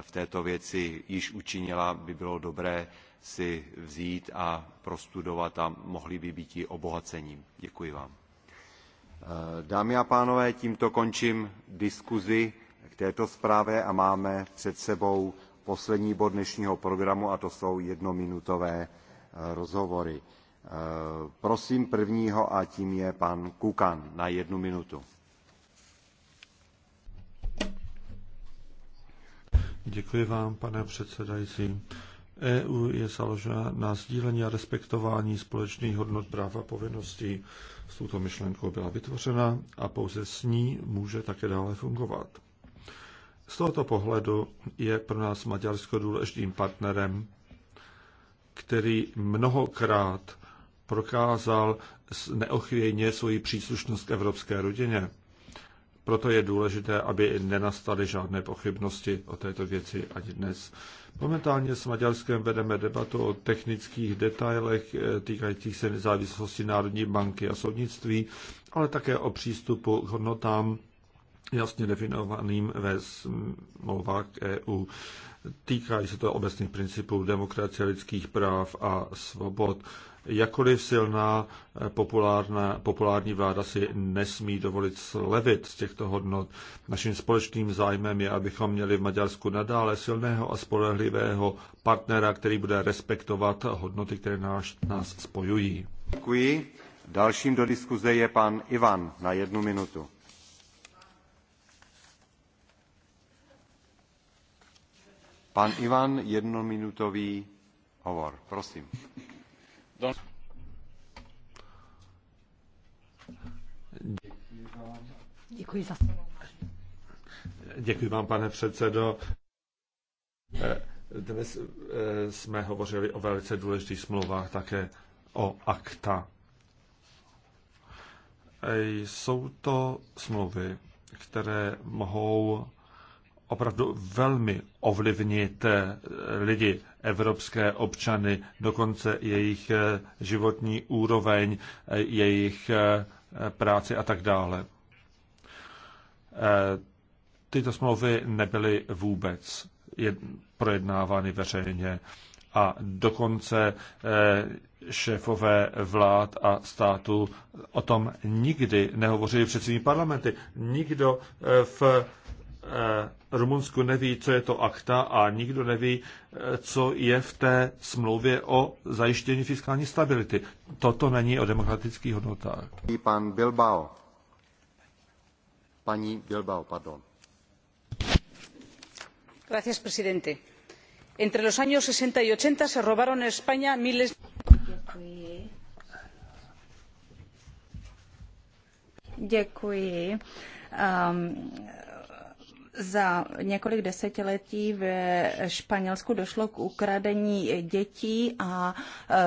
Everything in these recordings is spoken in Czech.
v této věci již učinila, by bylo dobré si vzít a prostudovat a mohli by být i obohacením. Děkuji vám. Eh, dámy a pánové, tímto končím diskuzi k této zprávě a máme před sebou poslední bod dnešního programu a to jsou jednominutové eh, rozhovory. Eh, prosím prvního a tím je pan Kukan na jednu minutu. Děkuji vám, pane předsedající. EU je založena na sdílení a respektování společných hodnot práv a povinností. S touto myšlenkou byla vytvořena a pouze s ní může také dále fungovat. Z tohoto pohledu je pro nás Maďarsko důležitým partnerem, který mnohokrát prokázal neochvějně svoji příslušnost k evropské rodině. Proto je důležité, aby nenastaly žádné pochybnosti o této věci ani dnes. Momentálně s Maďarskem vedeme debatu o technických detailech eh, týkajících se nezávislosti Národní banky a soudnictví, ale také o přístupu k hodnotám jasně definovaným ve smlouvách EU. Týkají se to obecných principů demokracie, lidských práv a svobod jakkoliv silná eh, populárna, populární vláda si nesmí dovolit slevit z těchto hodnot. Naším společným zájmem je, abychom měli v Maďarsku nadále silného a spolehlivého partnera, který bude respektovat hodnoty, které nás, nás spojují. Děkuji. Dalším do diskuze je pan Ivan na jednu minutu. Pan Ivan, jednominutový hovor, prosím. Děkuji za slovo. Děkuji vám, pane předsedo. Eh, dnes eh, jsme hovořili o velice důležitých smlouvách, také o akta. Eh, jsou to smlouvy, které mohou opravdu velmi ovlivnit lidi, evropské občany, dokonce jejich životní úroveň, jejich práci a tak dále. Eh, tyto smlouvy nebyly vůbec projednávány veřejně a dokonce eh, šéfové vlád a států o tom nikdy nehovořili před svými parlamenty. Nikdo eh, v Rumunsku neví, co je to akta a nikdo neví, co je v té smlouvě o zajištění fiskální stability. Toto není o demokratických hodnotách. Pan Bilbao señor presidente. Entre los años sesenta y ochenta se robaron en España miles. Děkuji. Um, za několik desetiletí ve Španělsku došlo k ukradení dětí a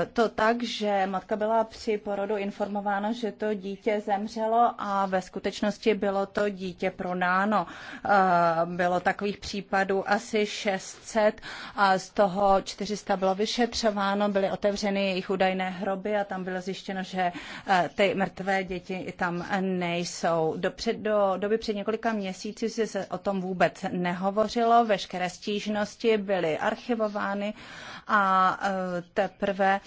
e, to tak, že matka byla při porodu informována, že to dítě zemřelo a ve skutečnosti bylo to dítě pronáno. E, bylo takových případů asi 600 a z toho 400 bylo vyšetřováno, byly otevřeny jejich údajné hroby a tam bylo zjištěno, že e, ty mrtvé děti tam nejsou. Do, před, do doby před několika měsíci se o tom vůbec nehovořilo, veškeré stížnosti byly archivovány a e, teprve e,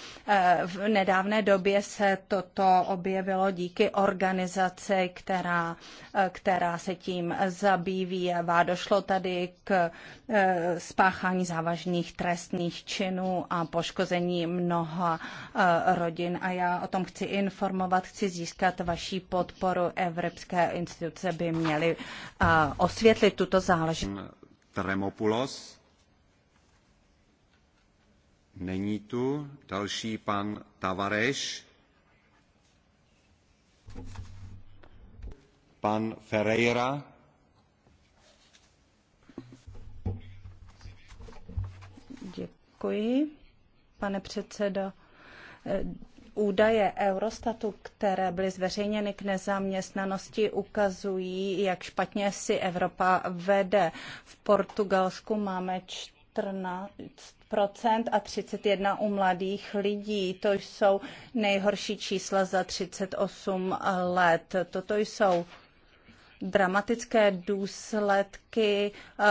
v nedávné době se toto objevilo díky organizaci, která, e, která se tím zabývá. Došlo tady k spáchání závažných trestných činů a poškození mnoha rodin a já o tom chci informovat, chci získat vaší podporu. Evropské instituce by měly osvětlit tuto záležitost. Není tu. Další pan Tavareš. Pan Ferreira. Děkuji, pane předsedo. Údaje Eurostatu, které byly zveřejněny k nezaměstnanosti, ukazují, jak špatně si Evropa vede. V Portugalsku máme 14 a 31 u mladých lidí. To jsou nejhorší čísla za 38 let. Toto jsou dramatické důsledky eh,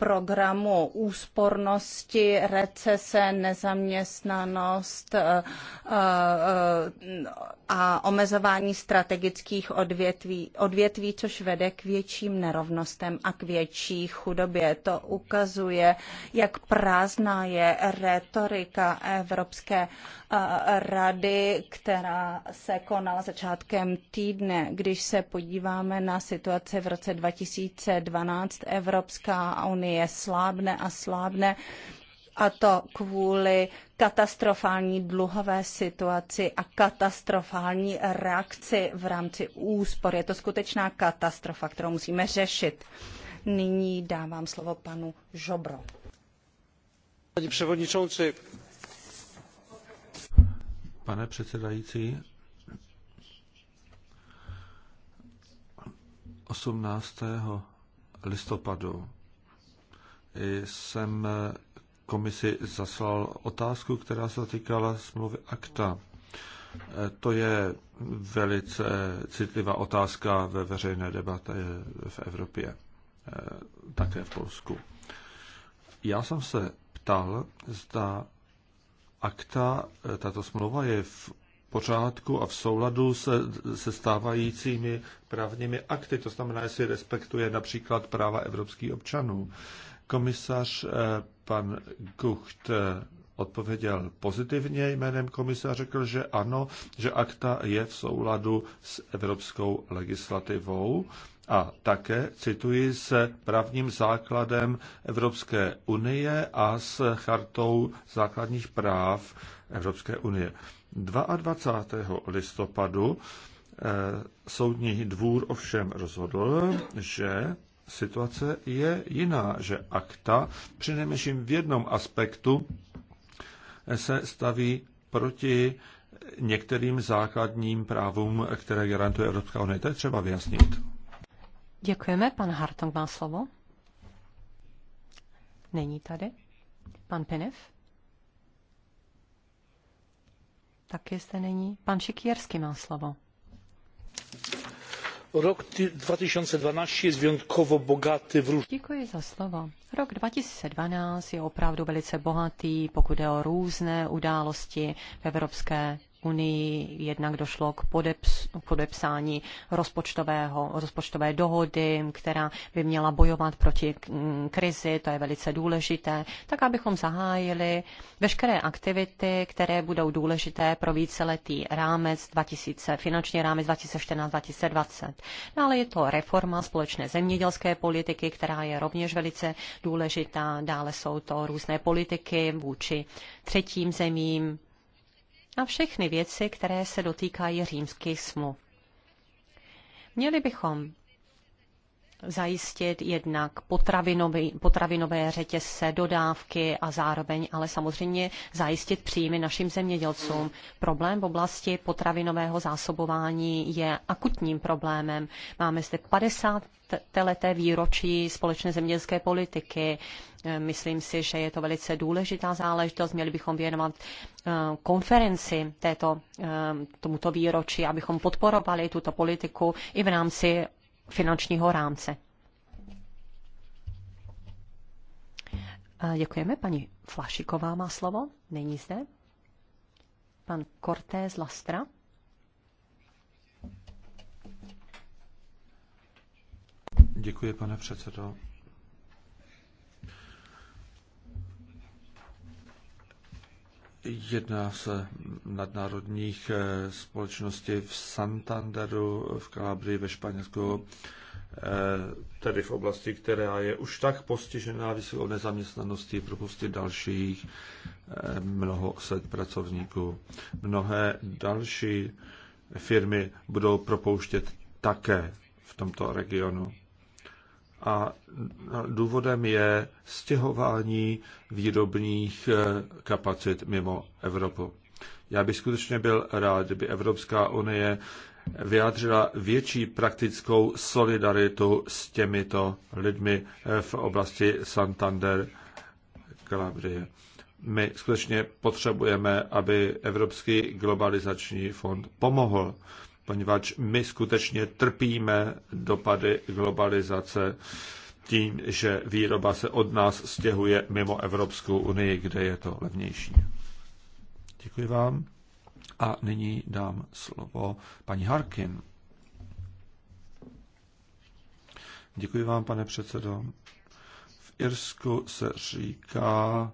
programu úspornosti, recese, nezaměstnanost eh, eh, a omezování strategických odvětví, odvětví, což vede k větším nerovnostem a k větší chudobě. To ukazuje, jak prázdná je retorika Evropské eh, rady, která se konala začátkem týdne. Když se podíváme na situaci v roce 2012, Evropská unie unie slábne a slábne a to kvůli katastrofální dluhové situaci a katastrofální reakci v rámci úspor. Je to skutečná katastrofa, kterou musíme řešit. Nyní dávám slovo panu Žobro. Pane předsedající, pane předsedající, 18. listopadu jsem komisi zaslal otázku, která se týkala smlouvy akta. E, to je velice citlivá otázka ve veřejné debatě v Evropě, e, také v Polsku. Já jsem se ptal, zda akta, e, tato smlouva je v pořádku a v souladu se, se stávajícími právními akty. To znamená, jestli respektuje například práva evropských občanů. Komisař eh, pan Gucht eh, odpověděl pozitivně jménem komise a řekl, že ano, že akta je v souladu s evropskou legislativou a také, cituji, se právním základem Evropské unie a s chartou základních práv Evropské unie. 22. listopadu eh, Soudní dvůr ovšem rozhodl, že situace je jiná, že akta přinejmenším v jednom aspektu se staví proti některým základním právům, které garantuje Evropská unie. To je třeba vyjasnit. Děkujeme. Pan Hartong má slovo. Není tady. Pan Penev? Taky zde není. Pan Šikierský má slovo. Rok 2012 je wyjątkowo bogaty v Děkuji za slovo. Rok 2012 je opravdu velice bohatý, pokud jde o různé události v Evropské unii. Jednak došlo k podeps, podepsání rozpočtového, rozpočtové dohody, která by měla bojovat proti mm, krizi, to je velice důležité, tak abychom zahájili veškeré aktivity, které budou důležité pro víceletý rámec 2000, finanční rámec 2014-2020. Dále no, je to reforma společné zemědělské politiky, která je rovněž velice důležitá. Dále jsou to různé politiky vůči třetím zemím, na všechny věci, které se dotýkají římských smluv. Měli bychom zajistit jednak potravinový, potravinové řetězce, dodávky a zároveň ale samozřejmě zajistit příjmy našim zemědělcům. Problém v oblasti potravinového zásobování je akutním problémem. Máme zde 50 leté výročí společné zemědělské politiky. Eh, myslím si, že je to velice důležitá záležitost. Měli bychom věnovat eh, konferenci této, eh, tomuto výročí, abychom podporovali tuto politiku i v rámci finančního rámce. Děkujeme. Paní Flašiková má slovo. Není zde. Pan Cortés Lastra. Děkuji, pane předsedo. Jedná se nadnárodních eh, společností v Santanderu, v Kalabrii ve Španělsku, eh, tedy v oblasti, která je už tak postižená vysokou nezaměstnaností, propustit dalších eh, mnoho set pracovníků. Mnohé další firmy budou propouštět také v tomto regionu a důvodem je stěhování výrobních eh, kapacit mimo Evropu. Já bych skutečně byl rád, kdyby Evropská unie vyjádřila větší praktickou solidaritu s těmito lidmi eh, v oblasti Santander Calabria. My skutečně potřebujeme, aby Evropský globalizační fond pomohl poněvadž my skutečně trpíme dopady globalizace tím, že výroba se od nás stěhuje mimo Evropskou unii, kde je to levnější. Děkuji vám. A nyní dám slovo paní Harkin. Děkuji vám, pane předsedo. V Irsku se říká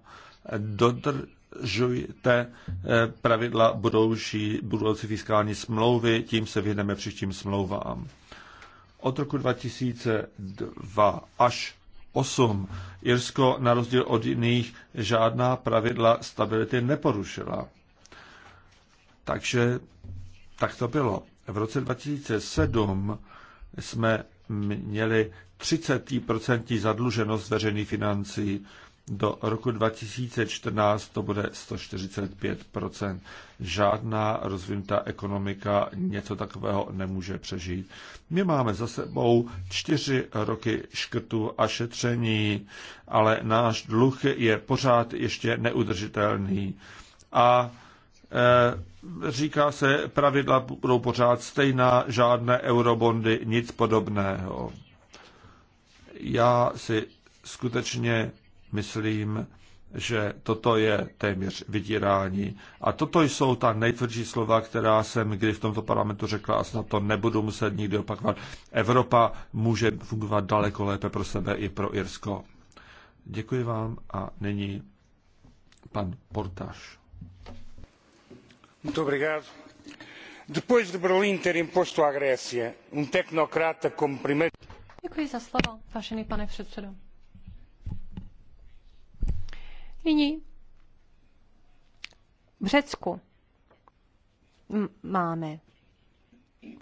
dodr, dodržujte eh, pravidla budoucí, budoucí fiskální smlouvy, tím se vyhneme příštím smlouvám. Od roku 2002 až 8 Jirsko na rozdíl od jiných žádná pravidla stability neporušila. Takže tak to bylo. V roce 2007 jsme měli 30% zadluženost veřejných financí do roku 2014 to bude 145 Žádná rozvinutá ekonomika něco takového nemůže přežít. My máme za sebou čtyři roky škrtu a šetření, ale náš dluh je pořád ještě neudržitelný. A e, říká se, pravidla budou pořád stejná, žádné eurobondy, nic podobného. Já si skutečně myslím, že toto je téměř vydírání. A toto jsou ta nejtvrdší slova, která jsem kdy v tomto parlamentu řekla a snad to nebudu muset nikdy opakovat. Evropa může fungovat daleko lépe pro sebe i pro Irsko. Děkuji vám a nyní pan Portaš. Depois de ter imposto Grécia um tecnocrata como primeiro... Děkuji za slovo, vážený pane předsedo. Nyní v Řecku máme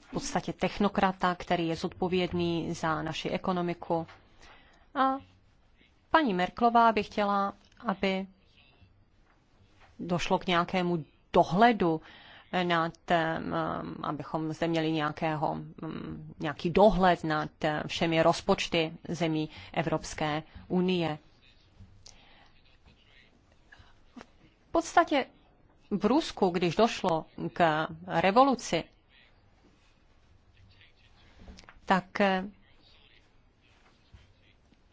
v podstatě technokrata, který je zodpovědný za naši ekonomiku. A paní Merklová by chtěla, aby došlo k nějakému dohledu nad, eh, abychom zde měli nějakého, mm, nějaký dohled nad eh, všemi rozpočty zemí Evropské unie. podstatě v Rusku, když došlo k revoluci, tak eh,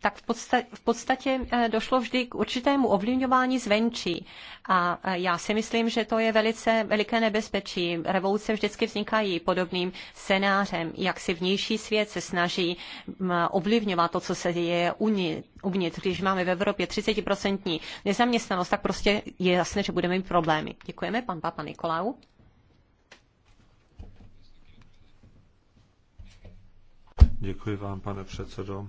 tak v podstatě, v podstatě eh, došlo vždy k určitému ovlivňování zvenčí. A eh, já si myslím, že to je velice veliké nebezpečí. Revoluce vždycky vznikají podobným scénářem, jak si vnější svět se snaží ovlivňovat to, co se děje uvnitř. Když máme v Evropě 30% nezaměstnanost, tak prostě je jasné, že budeme mít problémy. Děkujeme, pan Papa Nikolau. Děkuji vám, pane předsedo.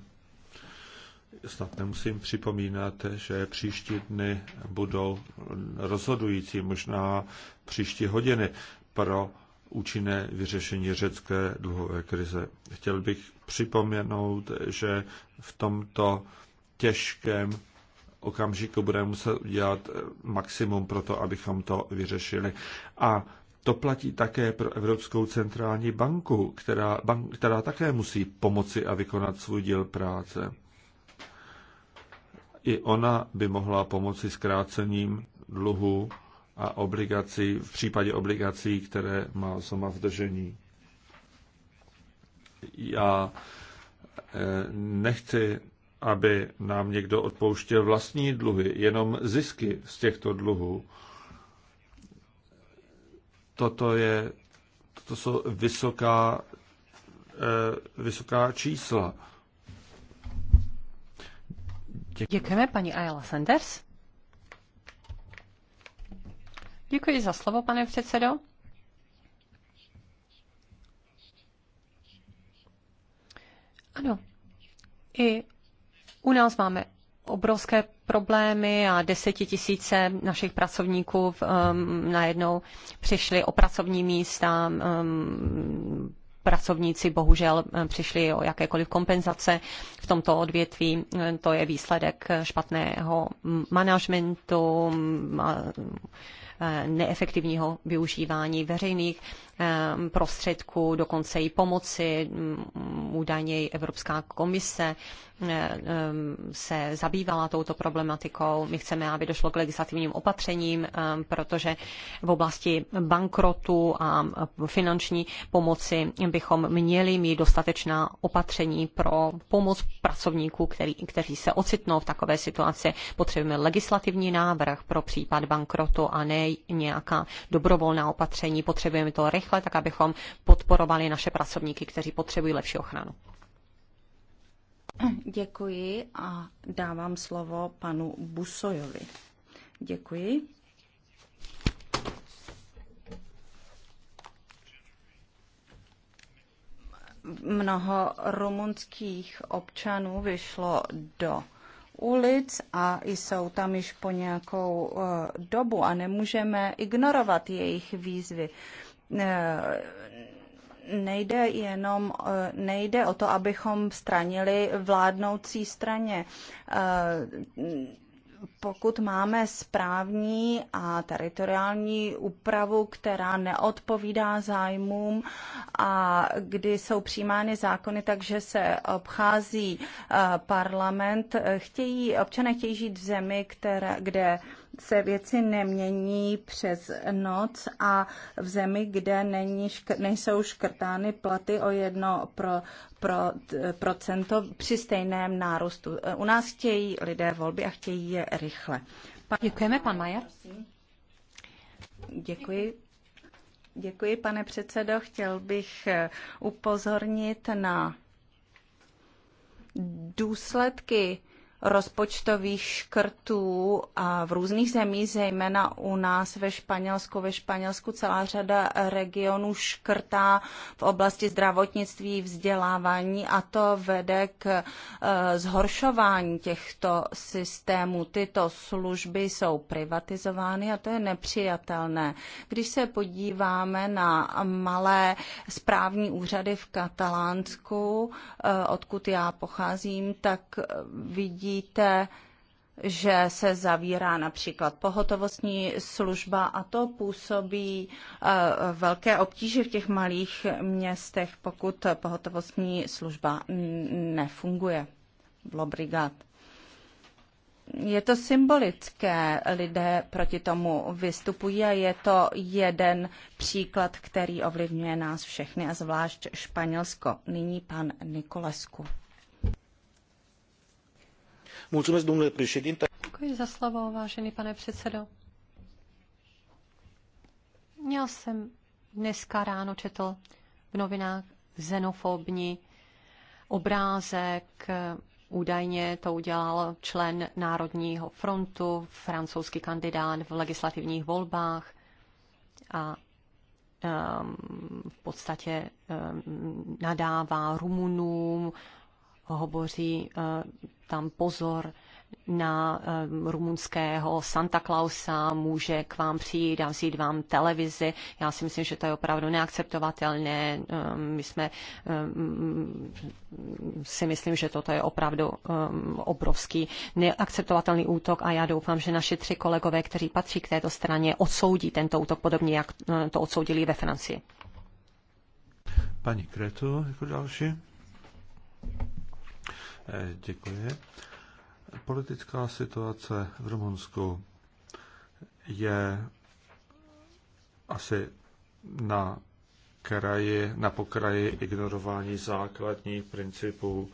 Snad nemusím připomínat, že příští dny budou rozhodující, možná příští hodiny pro účinné vyřešení řecké dluhové krize. Chtěl bych připomenout, že v tomto těžkém okamžiku budeme muset udělat maximum pro to, abychom to vyřešili. A to platí také pro Evropskou centrální banku, která, bank, která také musí pomoci a vykonat svůj díl práce i ona by mohla pomoci zkrácením dluhu a obligací, v případě obligací, které má sama v držení. Já eh, nechci, aby nám někdo odpouštěl vlastní dluhy, jenom zisky z těchto dluhů. Toto, je, toto jsou vysoká, eh, vysoká čísla Děkuji. Děkujeme, paní Ayala Sanders. Děkuji za slovo, pane předsedo. Ano, i u nás máme obrovské problémy a desetitisíce našich pracovníků um, najednou přišli o pracovní místa, um, pracovníci bohužel eh, přišli o jakékoliv kompenzace v tomto odvětví. Eh, to je výsledek špatného managementu Eh, neefektivního využívání veřejných eh, prostředků, dokonce i pomoci. Mm, údajně Evropská komise eh, se zabývala touto problematikou. My chceme, aby došlo k legislativním opatřením, protože v oblasti bankrotu a finanční pomoci bychom měli mít dostatečná opatření pro pomoc pracovníků, který, kteří se ocitnou v takové situaci. Potřebujeme legislativní návrh pro případ bankrotu a ne nějaká dobrovolná opatření. Potřebujeme to rychle, tak abychom podporovali naše pracovníky, kteří potřebují lepší ochranu. Děkuji a dávám slovo panu Busojovi. Děkuji. Mnoho rumunských občanů vyšlo do ulic a jsou tam již po nějakou eh, dobu a nemůžeme ignorovat jejich výzvy eh, nejde jenom, eh, nejde o to, abychom stranili vládnoucí straně pokud máme správní a teritoriální úpravu, která neodpovídá zájmům a kdy jsou přijímány zákony, takže se obchází eh, parlament, eh, chtějí, občané chtějí žít v zemi, které, kde se věci nemění přes noc a v zemi, kde není škr, nejsou škrtány platy o jedno pro, pro, procento při stejném nárůstu. U nás chtějí lidé volby a chtějí je rychle. Pa- Děkujeme, pan Majer. Děkuji. Děkuji, pane předsedo. Chtěl bych eh, upozornit na důsledky rozpočtových škrtů a v různých zemích, zejména u nás ve Španělsku. Ve Španělsku celá řada regionů škrtá v oblasti zdravotnictví, vzdělávání a to vede k eh, zhoršování těchto systémů. Tyto služby jsou privatizovány a to je nepřijatelné. Když se podíváme na malé správní úřady v Katalánsku, eh, odkud já pocházím, tak vidí vidíte, že se zavírá například pohotovostní služba a to působí eh, velké obtíže v těch malých městech, pokud pohotovostní služba nefunguje. Lobrigat. Je to symbolické, lidé proti tomu vystupují a je to jeden příklad, který ovlivňuje nás všechny a zvlášť Španělsko. Nyní pan Nikolesku. Mulțumesc, domnule președinte. Děkuji za slovo, vážený pane předsedo. Já jsem dneska ráno četl v novinách xenofobní obrázek. Údajně to udělal člen Národního frontu, francouzský kandidát v legislativních volbách a v podstatě nadává Rumunům, hovoří eh, tam pozor na eh, rumunského Santa Clausa, může k vám přijít a vzít vám televizi. Já si myslím, že to je opravdu neakceptovatelné. Eh, my jsme si myslím, že toto je opravdu obrovský neakceptovatelný útok a já doufám, že naši tři kolegové, kteří patří k této straně, odsoudí tento útok podobně, jak to odsoudili ve Francii. Pani Kreto jako další. Eh, děkuji. Politická situace v Rumunsku je asi na kraji, na pokraji ignorování základních principů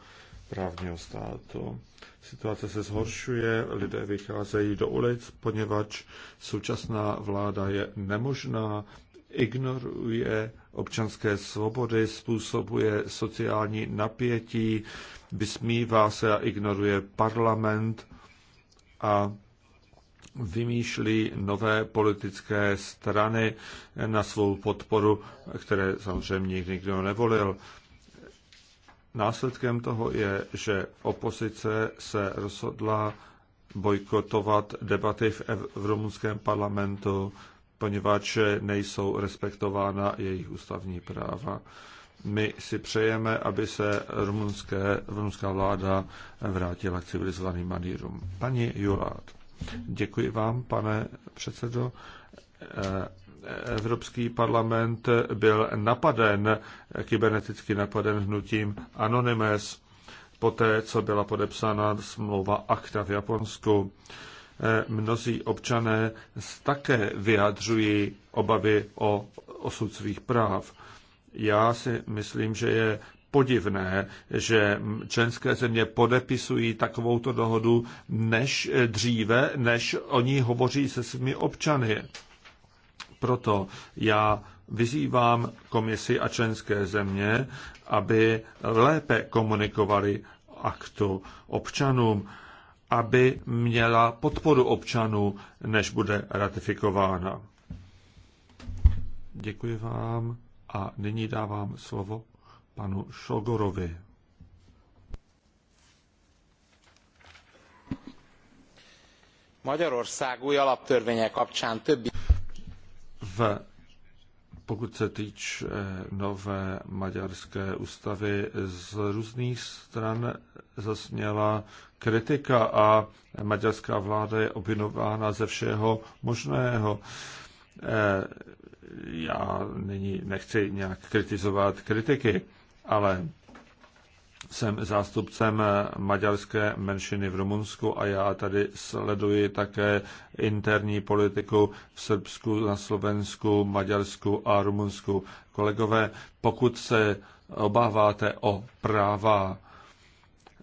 právního státu. Situace se zhoršuje, lidé vycházejí do ulic, poněvadž současná vláda je nemožná, ignoruje občanské svobody, způsobuje sociální napětí, vysmívá se a ignoruje parlament a vymýšlí nové politické strany na svou podporu, které samozřejmě nikdo nevolil. Následkem toho je, že opozice se rozhodla bojkotovat debaty v, v rumunském parlamentu poněvadž nejsou respektována jejich ústavní práva. My si přejeme, aby se rumunské, rumunská vláda vrátila k civilizovaným manýrům. Pani Jurát, děkuji vám, pane předsedo. Evropský parlament byl napaden, kyberneticky napaden hnutím Anonymous, poté co byla podepsána smlouva akta v Japonsku. Eh, mnozí občané také vyjadřují obavy o osud svých práv. Já si myslím, že je podivné, že členské země podepisují takovouto dohodu než dříve, než oni hovoří se svými občany. Proto já vyzývám komisi a členské země, aby lépe komunikovali aktu občanům aby měla podporu občanů, než bude ratifikována. Děkuji vám a nyní dávám slovo panu Šogorovi. Magyarország új alaptörvénye kapcsán többi... V pokud se týče eh, nové maďarské ústavy, z různých stran zasněla kritika a maďarská vláda je obvinována ze všeho možného. Eh, já nyní nechci nějak kritizovat kritiky, ale jsem zástupcem eh, maďarské menšiny v Rumunsku a já tady sleduji také interní politiku v Srbsku, na Slovensku, Maďarsku a Rumunsku. Kolegové, pokud se obáváte o práva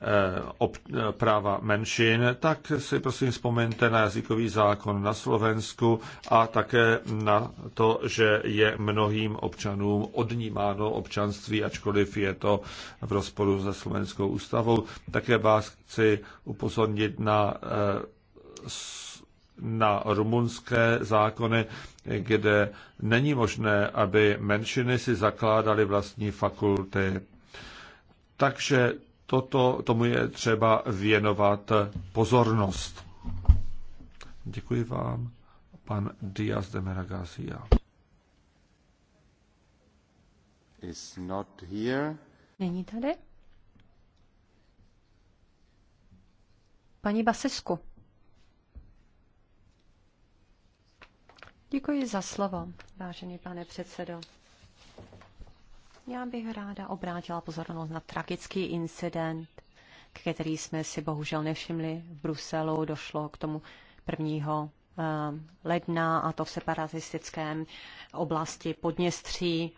Eh, eh, práva menšin, tak si prosím vzpomeňte na jazykový zákon na Slovensku a také na to, že je mnohým občanům odnímáno občanství, ačkoliv je to v rozporu se slovenskou ústavou. Také vás chci upozornit na, eh, na rumunské zákony, kde není možné, aby menšiny si zakládaly vlastní fakulty. Takže toto, tomu je třeba věnovat pozornost. Děkuji vám, pan Díaz de Meragasia. Is not here. Není tady? Paní Basisku. Děkuji za slovo, vážený pane předsedo. Já bych ráda obrátila pozornost na tragický incident, který jsme si bohužel nevšimli v Bruselu. Došlo k tomu 1. Eh, ledna a to v separatistickém oblasti Podněstří.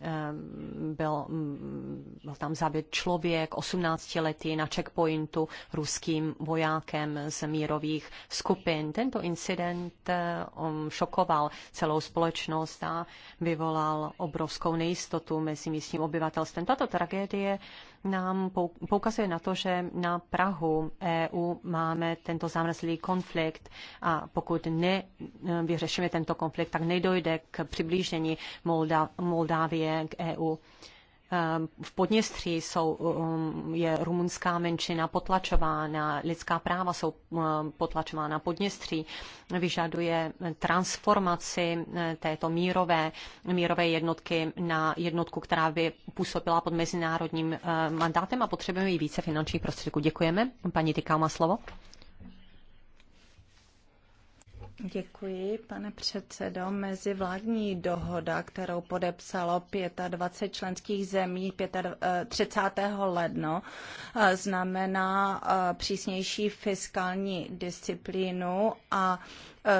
Ehm, byl, mm, byl tam zabit člověk, 18-letý na checkpointu ruským vojákem z mírových skupin. Tento incident eh, šokoval celou společnost a vyvolal obrovskou nejistotu mezi místním obyvatelstvem. Tato tragédie nám poukazuje na to, že na Prahu EU máme tento zámrzlý konflikt a pokud nevyřešíme e, tento konflikt, tak nedojde k přiblížení Moldávie k EU. Ehm, v Podněstří jsou, ehm, je rumunská menšina potlačována, lidská práva jsou ehm, potlačována. Podněstří vyžaduje transformaci e, této mírové, mírové jednotky na jednotku, která by působila pod mezinárodním mandátem a potřebujeme i více finančních prostředků. Děkujeme. Paní Tyká má slovo. Děkuji, pane předsedo. Mezivládní dohoda, kterou podepsalo 25 členských zemí 30. Eh, ledna, eh, znamená eh, přísnější fiskální disciplínu a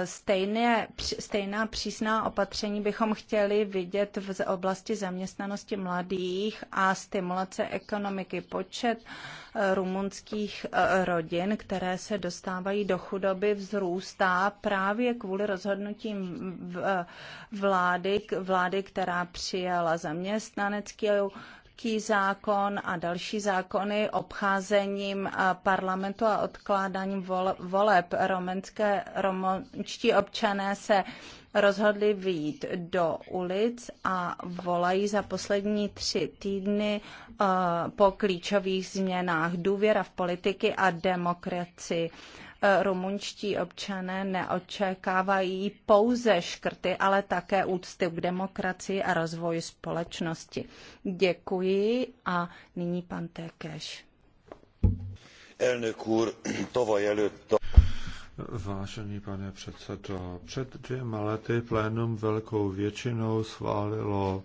Stejné, stejná přísná opatření bychom chtěli vidět v oblasti zaměstnanosti mladých a stimulace ekonomiky. Počet eh, rumunských eh, rodin, které se dostávají do chudoby, vzrůstá právě kvůli rozhodnutím eh, vlády, vlády která přijala zaměstnaneckou Ký zákon a další zákony obcházením parlamentu a odkládáním voleb. Romanské, romančtí občané se rozhodli vyjít do ulic a volají za poslední tři týdny uh, po klíčových změnách důvěra v politiky a demokracii rumunští občané neočekávají pouze škrty, ale také úcty k demokracii a rozvoji společnosti. Děkuji a nyní pan Tékeš. Vážený pane předsedo, před dvěma lety plénum velkou většinou schválilo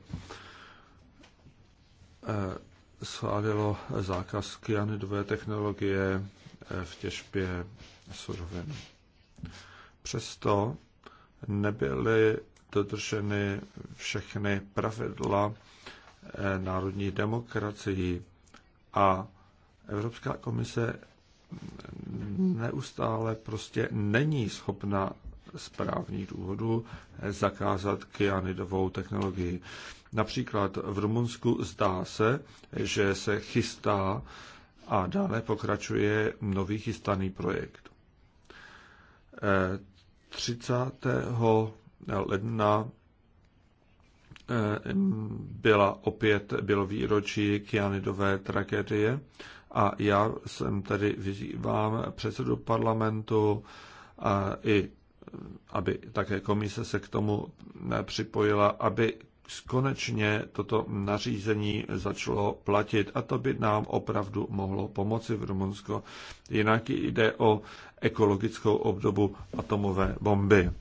eh, schválilo zákaz kyanidové technologie eh, v těžbě surovin. Přesto nebyly dodrženy všechny pravidla eh, národní demokracii a Evropská komise neustále prostě není schopna z právních důvodů zakázat kyanidovou technologii. Například v Rumunsku zdá se, že se chystá a dále pokračuje nový chystaný projekt. 30. Eh, ledna eh, byla opět, bylo výročí Kianidové tragédie a já jsem tady vyzývám předsedu parlamentu a eh, i aby také komise se k tomu připojila, aby konečně toto nařízení začalo platit a to by nám opravdu mohlo pomoci v Rumunsko. Jinak jde o ekologickou obdobu atomové bomby.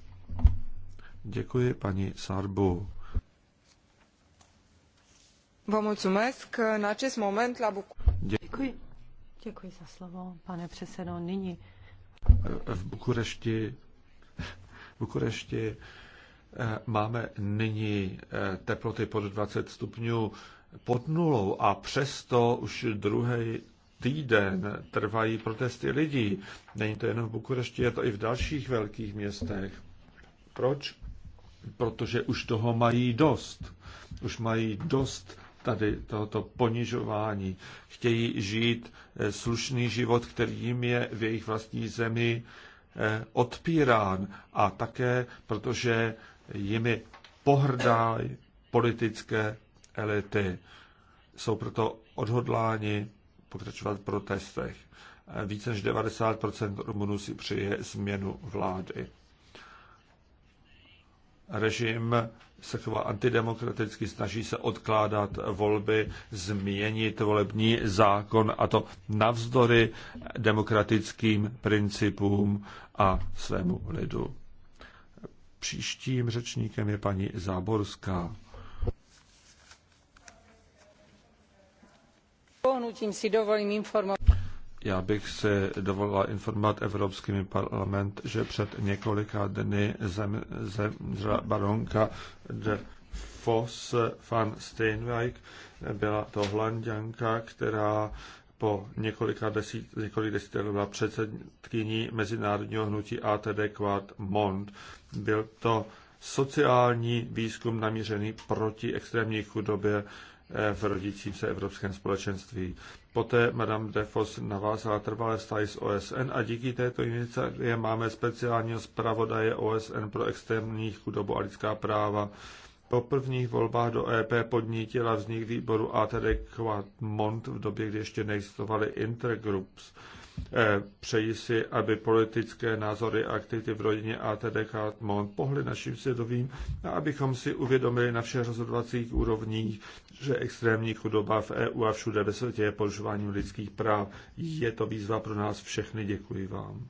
Děkuji paní Sarbu. moment Děkuji. Děkuji za slovo, pane předsedo. Nyní v Bukurešti, v Bukurešti eh, máme nyní eh, teploty pod 20 stupňů pod nulou a přesto už druhý týden trvají protesty lidí. Není to jenom v Bukurešti, je to i v dalších velkých městech. Proč? Protože už toho mají dost. Už mají dost tady tohoto ponižování. Chtějí žít eh, slušný život, který jim je v jejich vlastní zemi eh, odpírán. A také, protože jimi pohrdá politické elity. Jsou proto odhodláni pokračovat v protestech. Více než 90 Rumunů si přeje změnu vlády. Režim se chová antidemokraticky, snaží se odkládat volby, změnit volební zákon a to navzdory demokratickým principům a svému lidu. Příštím řečníkem je paní Záborská. připomenutím si dovolím informovat. Já bych se dovolila informovat Evropský parlament, že před několika dny zem, zemřela baronka de Foss van Steinweg. Byla to holanděnka, která po několika desít, několik desítek byla předsedkyní mezinárodního hnutí ATD Quad Mond. Byl to sociální výzkum namířený proti extrémní chudobě Eh, v rodícím se evropském společenství. Poté Madame Defos navázala trvalé vztahy s OSN a díky této iniciativě máme speciálního zpravodaje OSN pro extrémní chudobu a lidská práva. Po prvních volbách do EP podnítila vznik výboru ATD Quad Mont v době, kdy ještě neexistovaly intergroups. Eh, přeji si, aby politické názory a aktivity v rodině ATD Cartmon pohly naším svědomím a abychom si uvědomili na všech rozhodovacích úrovních, že extrémní chudoba v EU a všude ve světě je porušováním lidských práv. Je to výzva pro nás všechny. Děkuji vám.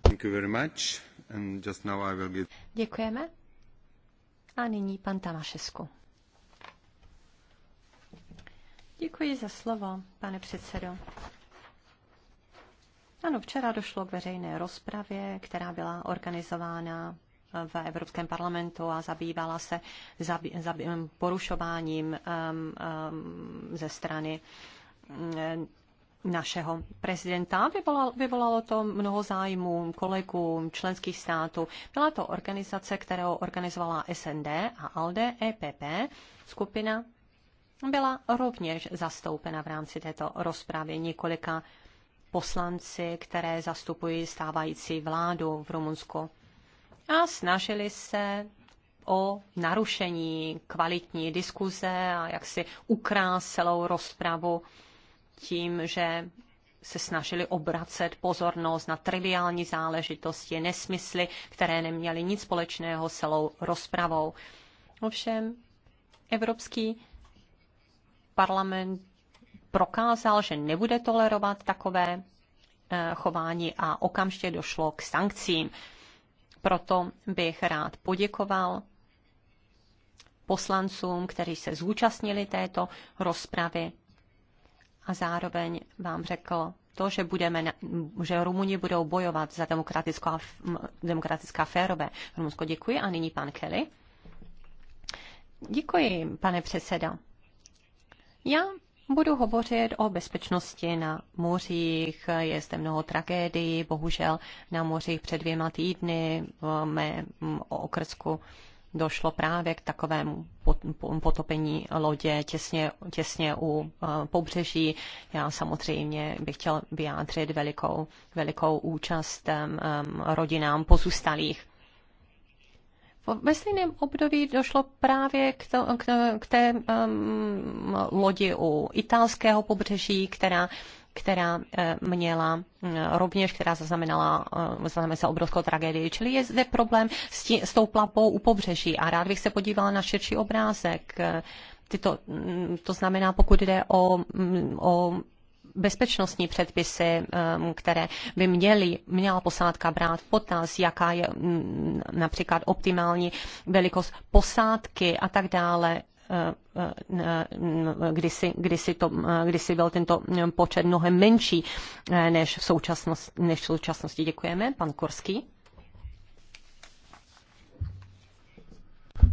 Děkujeme. A nyní pan Tamašesku. Děkuji za slovo, pane předsedo. Ano, včera došlo k veřejné rozpravě, která byla organizována v Evropském parlamentu a zabývala se porušováním um, um, ze strany um, našeho prezidenta. Vyvolalo, vyvolalo to mnoho zájmů kolegů členských států. Byla to organizace, kterou organizovala SND a ALDE, EPP, skupina byla rovněž zastoupena v rámci této rozpravy několika poslanci, které zastupují stávající vládu v Rumunsku. A snažili se o narušení kvalitní diskuze a jak si ukrás celou rozpravu tím, že se snažili obracet pozornost na triviální záležitosti, nesmysly, které neměly nic společného s celou rozpravou. Ovšem, Evropský parlament prokázal, že nebude tolerovat takové eh, chování a okamžitě došlo k sankcím. Proto bych rád poděkoval poslancům, kteří se zúčastnili této rozpravy a zároveň vám řekl to, že, budeme, že Rumuni budou bojovat za demokratická, demokratická férové. Rumunsko děkuji a nyní pan Kelly. Děkuji, pane předseda. Já Budu hovořit o bezpečnosti na mořích. Je zde mnoho tragédií, bohužel na mořích před dvěma týdny v mé okrsku došlo právě k takovému potopení lodě těsně, těsně u e, pobřeží. Já samozřejmě bych chtěl vyjádřit velikou, velikou účast rodinám pozůstalých. Ve stejném období došlo právě k, to, k, k té um, lodi u italského pobřeží, která která eh, měla mm, rovněž, která zaznamenala, eh, zaznamenala se obrovskou tragédii. Čili je zde problém s, tí, s tou plapou u pobřeží a rád bych se podívala na širší obrázek. Tyto, mm, to znamená, pokud jde o, mm, o bezpečnostní předpisy, um, které by měly, měla posádka brát v potaz, jaká je mm, například optimální velikost posádky a tak dále eh, eh, kdysi, kdysi, to, eh, kdysi byl tento mm, počet mnohem menší než v, současnosti, než v současnosti. Děkujeme. Pan Korský.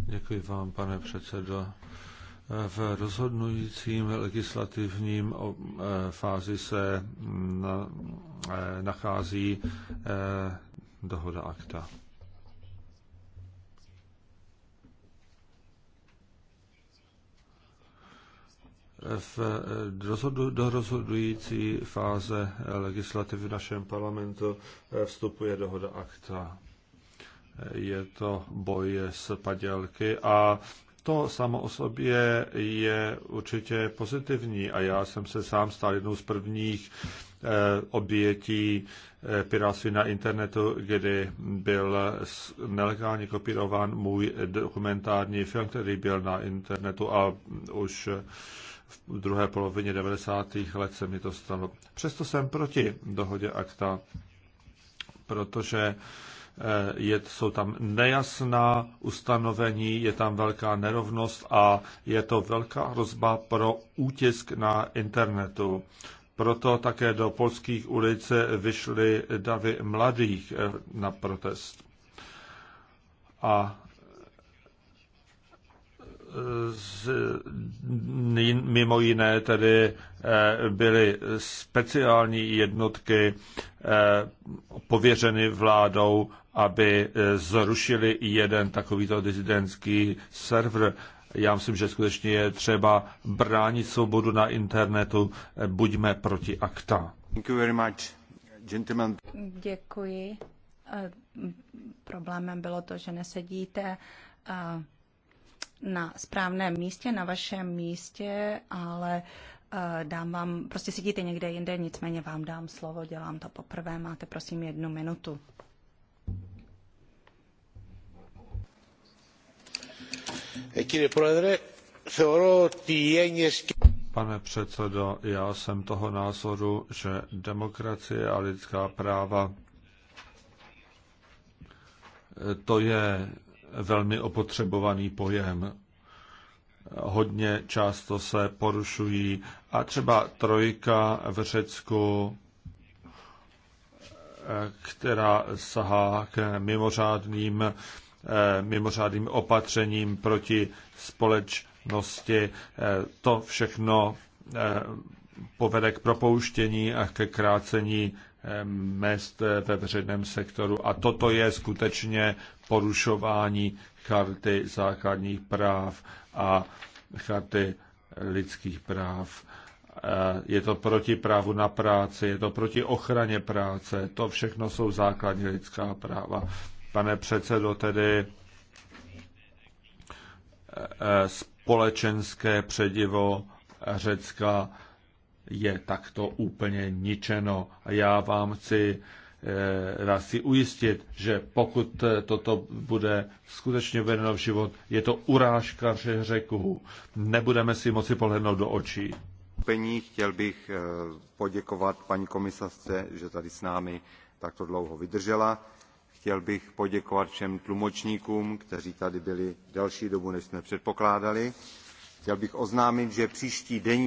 Děkuji vám, pane předsedo. V rozhodnujícím legislativním eh, fázi se mm, eh, nachází eh, dohoda akta. v rozhodu, do rozhodující fáze legislativy v našem parlamentu vstupuje dohoda akta. Je to boj s padělky a to samo o sobě je určitě pozitivní a já jsem se sám stal jednou z prvních eh, obětí eh, piráctví na internetu, kdy byl nelegálně kopírován můj dokumentární film, který byl na internetu a už v druhé polovině 90. let se mi to stalo. Přesto jsem proti dohodě akta, protože Eh, je, jsou tam nejasná ustanovení, je tam velká nerovnost a je to velká hrozba pro útisk na internetu. Proto také do polských ulic vyšly davy mladých eh, na protest. A z, mimo jiné tedy eh, byly speciální jednotky eh, pověřeny vládou, aby eh, zrušili jeden takovýto dizidentský server. Já myslím, že skutečně je třeba bránit svobodu na internetu. Buďme proti akta. Thank you very much, gentlemen. Děkuji. Problémem bylo to, že nesedíte na správném místě, na vašem místě, ale eh, dám vám, prostě sedíte někde jinde, nicméně vám dám slovo, dělám to poprvé, máte prosím jednu minutu. Eh, Pane předsedo, já jsem toho názoru, že demokracie a lidská práva eh, to je velmi opotřebovaný pojem. Hodně často se porušují a třeba trojka v Řecku, která sahá k mimořádným, mimořádným opatřením proti společnosti. To všechno eh, povede k propouštění a ke krácení mest eh, ve veřejném sektoru. A toto je skutečně porušování charty základních práv a charty lidských práv. Eh, je to proti právu na práci, je to proti ochraně práce, to všechno jsou základní lidská práva. Pane předsedo, tedy eh, společenské předivo Řecka je takto úplně ničeno. A já vám chci vás eh, si ujistit, že pokud eh, toto bude skutečně vedeno v život, je to urážka řeku. Nebudeme si moci pohlednout do očí. Pení, chtěl bych eh, poděkovat paní komisařce, že tady s námi takto dlouho vydržela. Chtěl bych poděkovat všem tlumočníkům, kteří tady byli delší dobu, než jsme předpokládali. Chtěl bych oznámit, že příští denní